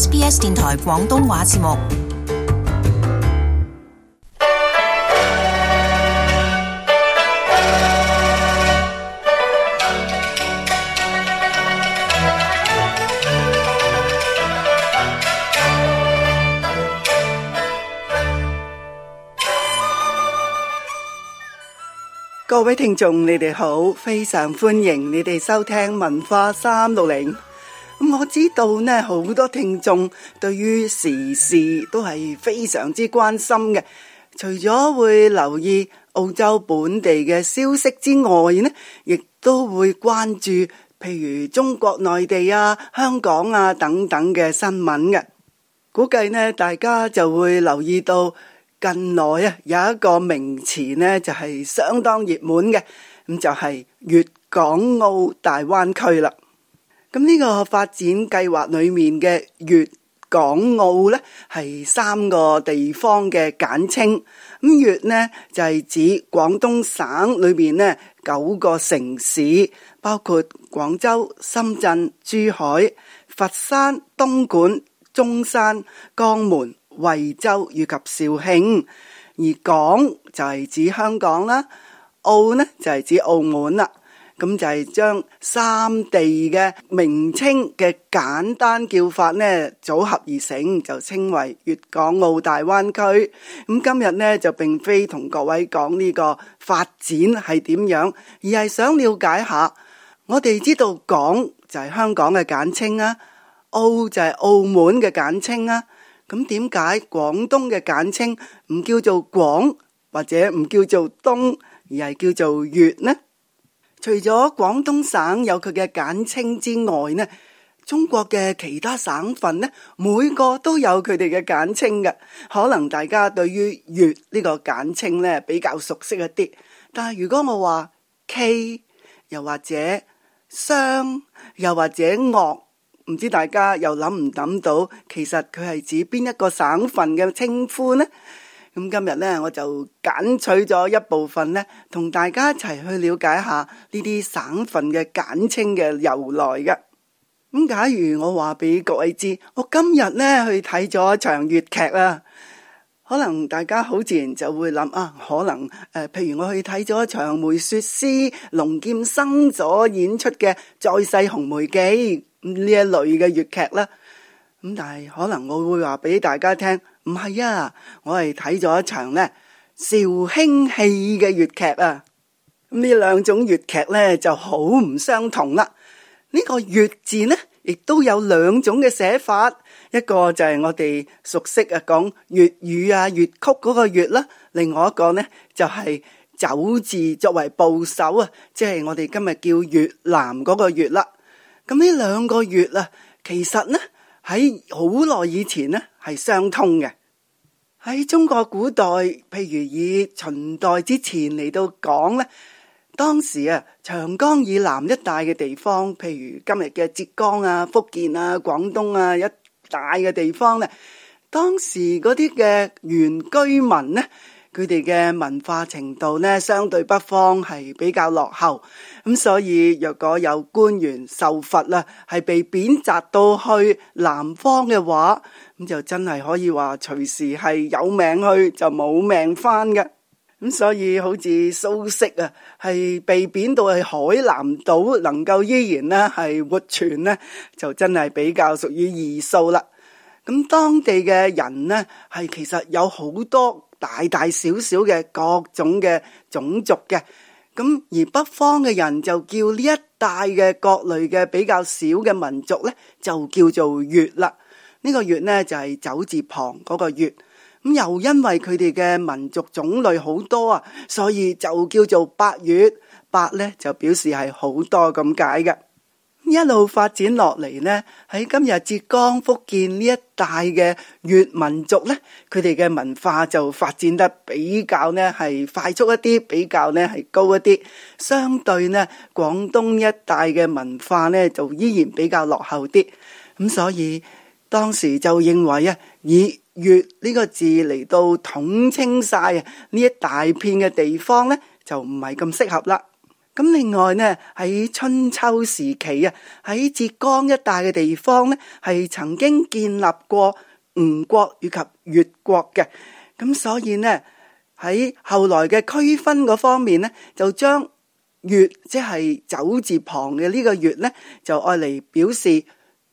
SBS 電台廣東話節目，各位聽眾，你哋好，非常歡迎你哋收聽文化三六零。咁我知道呢，好多聽眾對於時事都係非常之關心嘅。除咗會留意澳洲本地嘅消息之外呢，咧亦都會關注譬如中國內地啊、香港啊等等嘅新聞嘅。估計呢，大家就會留意到近來啊有一個名詞呢，就係相當熱門嘅，咁就係粵港澳大灣區啦。咁呢個發展計劃裏面嘅粵港澳咧，係三個地方嘅簡稱。咁粵咧就係指廣東省裏邊咧九個城市，包括廣州、深圳、珠海、佛山、東莞、中山、江門、惠州以及肇慶。而港就係指香港啦，澳咧就係指澳門啦。咁就係將三地嘅名稱嘅簡單叫法呢，組合而成，就稱為粵港澳大灣區。咁今日呢就並非同各位講呢個發展係點樣，而係想了解下，我哋知道港就係香港嘅簡稱啊，澳就係澳門嘅簡稱啊。咁點解廣東嘅簡稱唔叫做廣或者唔叫做東，而係叫做粵呢？除咗廣東省有佢嘅簡稱之外呢，呢中國嘅其他省份呢，每個都有佢哋嘅簡稱嘅。可能大家對於粵呢個簡稱呢，比較熟悉一啲，但係如果我話 K，又或者湘又或者鄂，唔知大家又諗唔諗到，其實佢係指邊一個省份嘅稱呼呢？咁今日呢，我就揀取咗一部分呢，同大家一齊去了解下呢啲省份嘅簡稱嘅由來噶。咁假如我話俾各位知，我今日呢去睇咗場粵劇啦，可能大家好自然就會諗啊，可能誒、呃，譬如我去睇咗場梅雪詩、龍劍笙咗演出嘅《再世紅梅記》呢一類嘅粵劇啦。咁但係可能我會話俾大家聽，唔係啊，我係睇咗一場呢紹興戲嘅粵劇啊。呢兩種粵劇呢就好唔相同啦。呢、這個粵字呢亦都有兩種嘅寫法，一個就係我哋熟悉啊，講粵語啊、粵曲嗰個粵啦、啊，另外一個呢就係、是、酒字作為部首啊，即係我哋今日叫越南嗰個粵啦、啊。咁呢兩個粵啊，其實呢。喺好耐以前呢，係相通嘅。喺中國古代，譬如以秦代之前嚟到講呢，當時啊長江以南一帶嘅地方，譬如今日嘅浙江啊、福建啊、廣東啊一帶嘅地方呢，當時嗰啲嘅原居民呢。佢哋嘅文化程度呢，相對北方係比較落後，咁所以若果有官員受罰啦，係被貶謫到去南方嘅話，咁就真係可以話隨時係有命去就冇命翻嘅。咁所以好似蘇軾啊，係被貶到去海南島，能夠依然呢，係活存呢，就真係比較屬於異數。啦咁當地嘅人呢，係其實有好多。大大小小嘅各種嘅種族嘅，咁而北方嘅人就叫呢一帶嘅各類嘅比較少嘅民族呢，就叫做越啦。這個、越呢、就是、個越」呢，就係走字旁嗰個越」。咁又因為佢哋嘅民族種類好多啊，所以就叫做百越」。「百呢，就表示係好多咁解嘅。一路發展落嚟呢，喺今日浙江、福建呢一帶嘅粵民族呢，佢哋嘅文化就發展得比較呢係快速一啲，比較呢係高一啲，相對呢廣東一帶嘅文化呢，就依然比較落後啲。咁所以當時就認為啊，以粵呢個字嚟到統稱晒啊呢一大片嘅地方呢，就唔係咁適合啦。咁另外呢，喺春秋時期啊，喺浙江一帶嘅地方呢，係曾經建立過吳國以及越國嘅。咁所以呢，喺後來嘅區分嗰方面呢，就將越即係走字旁嘅呢個越呢，就愛嚟表示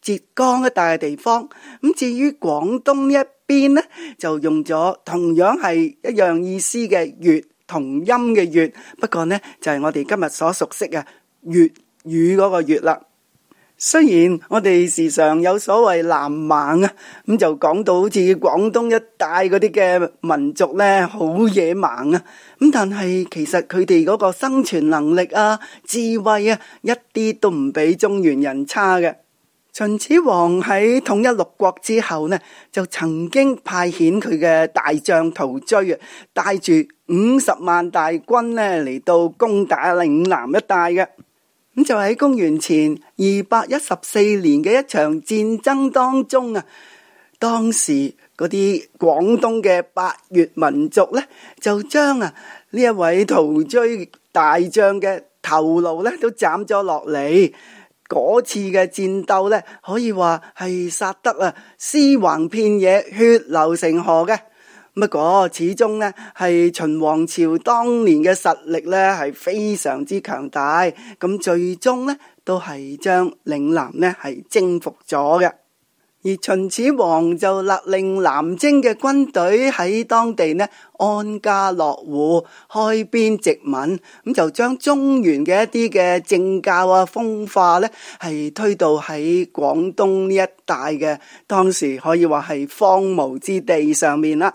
浙江一帶嘅地方。咁至於廣東一邊呢，就用咗同樣係一樣意思嘅粵，同音嘅粵，不過呢，就係、是、我哋今日所熟悉嘅粵語嗰個粵啦。雖然我哋時常有所謂南蠻啊，咁、嗯、就講到好似廣東一帶嗰啲嘅民族呢，好野蠻啊，咁但係其實佢哋嗰個生存能力啊、智慧啊，一啲都唔比中原人差嘅。秦始皇喺統一六國之後呢，就曾經派遣佢嘅大將屠睢，啊，帶住五十萬大軍呢，嚟到攻打嶺南一帶嘅。咁就喺公元前二百一十四年嘅一場戰爭當中啊，當時嗰啲廣東嘅百越民族呢，就將啊呢一位屠睢大將嘅頭顱呢都斬咗落嚟。嗰次嘅戰鬥呢，可以話係殺得啊，屍橫遍野，血流成河嘅。不過始終呢，係秦王朝當年嘅實力呢係非常之強大。咁最終呢，都係將嶺南呢係征服咗嘅。而秦始皇就勒令南征嘅軍隊喺當地呢，安家落戶、開邊殖民，咁就將中原嘅一啲嘅政教啊、風化咧係推到喺廣東呢一帶嘅當時可以話係荒蕪之地上面啦。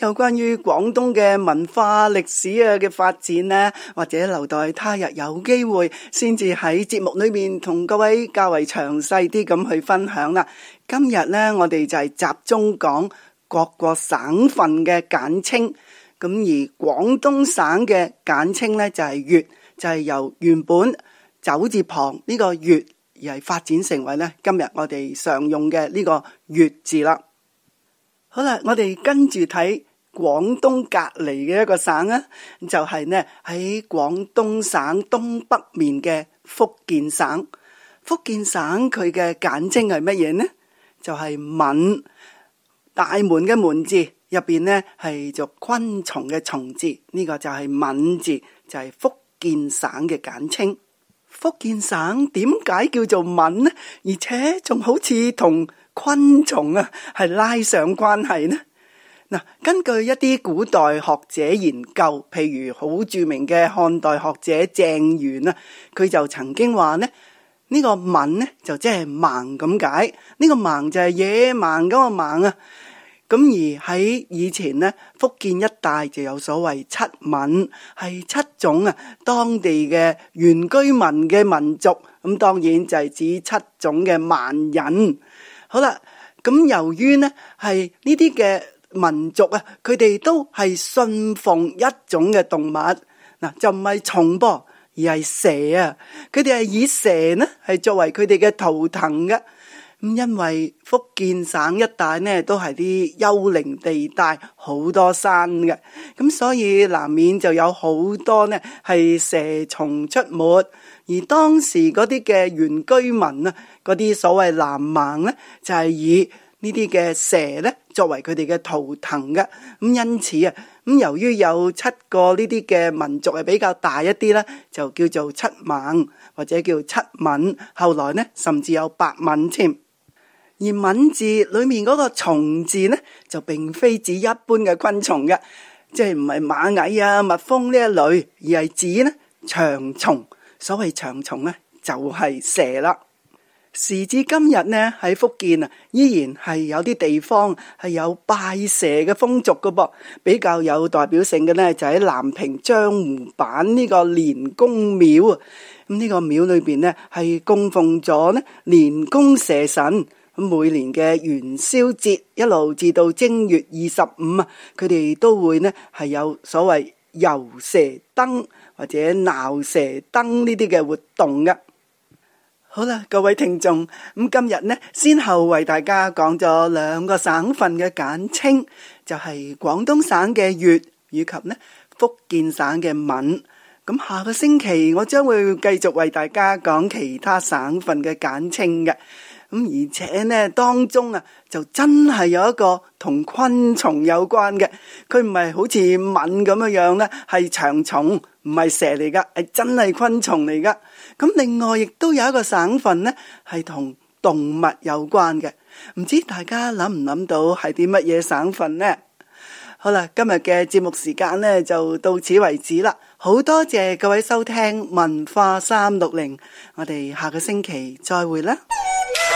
有關於廣東嘅文化、歷史啊嘅發展咧，或者留待他日有機會先至喺節目裏面同各位較為詳細啲咁去分享啦。今日咧，我哋就係集中講各個省份嘅簡稱。咁而廣東省嘅簡稱咧就係粵，就係、是就是、由原本走字旁呢個粵而係發展成為今日我哋常用嘅呢個粵字啦。好啦，我哋跟住睇。廣東隔籬嘅一個省啊，就係呢，喺廣東省東北面嘅福建省。福建省佢嘅簡稱係乜嘢呢？就係閩，大門嘅門字入邊呢係做昆蟲嘅蟲字，呢個就係閩字，就係福建省嘅簡稱。福建省點解叫做閩呢？而且仲好似同昆蟲啊係拉上關係呢？根據一啲古代學者研究，譬如好著名嘅漢代學者鄭元啊，佢就曾經話咧，呢個閩呢，就即係蠻咁解，呢、這個蠻，就蠻，蠻，就係野蠻咁嘅蠻啊。咁而喺以前呢，福建一帶就有所謂七閩係七種啊，當地嘅原居民嘅民族咁，當然就係指七種嘅蠻人。好啦，咁由於呢係呢啲嘅。民族啊，佢哋都係信奉一種嘅動物，嗱就唔係蟲噃，而係蛇啊。佢哋係以蛇呢係作為佢哋嘅圖騰嘅。咁因為福建省一帶呢都係啲幽靈地帶，好多山嘅，咁所以難免就有好多呢係蛇蟲出沒。而當時嗰啲嘅原居民啊，嗰啲所謂南蠻呢，就係以呢啲嘅蛇呢。作為佢哋嘅圖騰嘅，咁因此啊，咁由於有七個呢啲嘅民族係比較大一啲啦，就叫做七猛或者叫七閩。後來呢甚至有八閩添。而閩字裏面嗰個虫字呢，就並非指一般嘅昆蟲嘅，即係唔係螞蟻啊、蜜蜂呢一類，而係指呢長蟲。所謂長蟲呢，就係蛇啦。時至今日呢，喺福建啊，依然係有啲地方係有拜蛇嘅風俗㗎噃，比較有代表性嘅呢，就喺、是、南平樟湖坂呢個連公廟啊。咁、嗯、呢、這個廟裏邊呢，係供奉咗呢連公蛇神。咁每年嘅元宵節，一路至到正月二十五啊，佢哋都會呢係有所謂遊蛇燈或者鬧蛇燈呢啲嘅活動嘅。好啦，各位聽眾，咁今日呢先後為大家講咗兩個省份嘅簡稱，就係、是、廣東省嘅粵，以及咧福建省嘅閩。咁、嗯、下個星期我將會繼續為大家講其他省份嘅簡稱嘅。咁而且呢當中啊，就真係有一個同昆蟲有關嘅，佢唔係好似蚊咁樣樣咧，係長蟲，唔係蛇嚟噶，係真係昆蟲嚟噶。咁另外亦都有一個省份呢，係同動物有關嘅，唔知大家諗唔諗到係啲乜嘢省份呢？好啦，今日嘅節目時間呢就到此為止啦，好多謝各位收聽文化三六零，我哋下個星期再會啦。